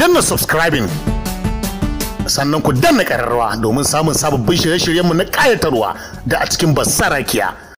danna subscribing sannan ku danna ƙararrawa domin samun sababbin shirye-shiryenmu na ƙayatarwa da a cikin basarakiya.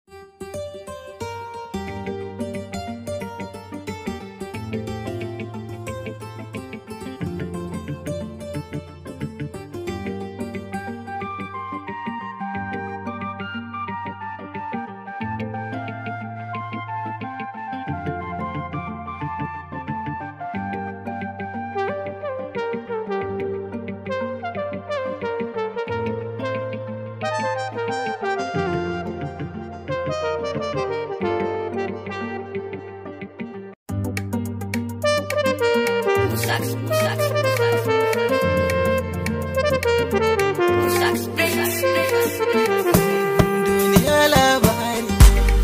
Duniya labari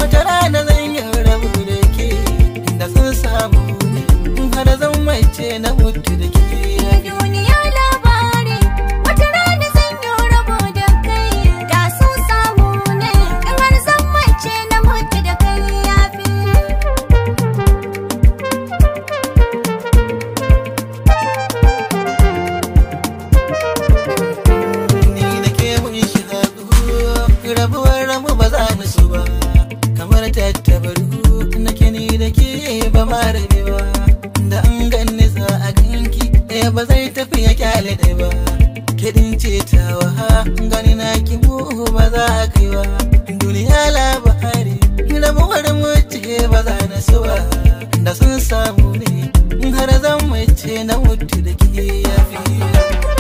wata rana zan yi rabu da ke inda sun samu har zan mace na mutu aibu za a kai wa duniya labari wani mace ba za na so ba da sun samu ne har zan mace na mutu da ke yafi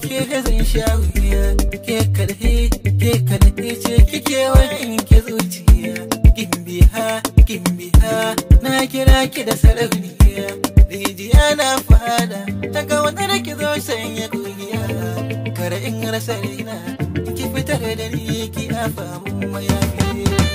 ke zan sha wuya ke karhe ke karhe ce kike wayan ke zuciya kin biha kin biha na kira ki da sarauniya rijiya na fada ta ga wani ki zo sanya kugiya kar in rasa rina ki fitar da ni ki afa mun mayafi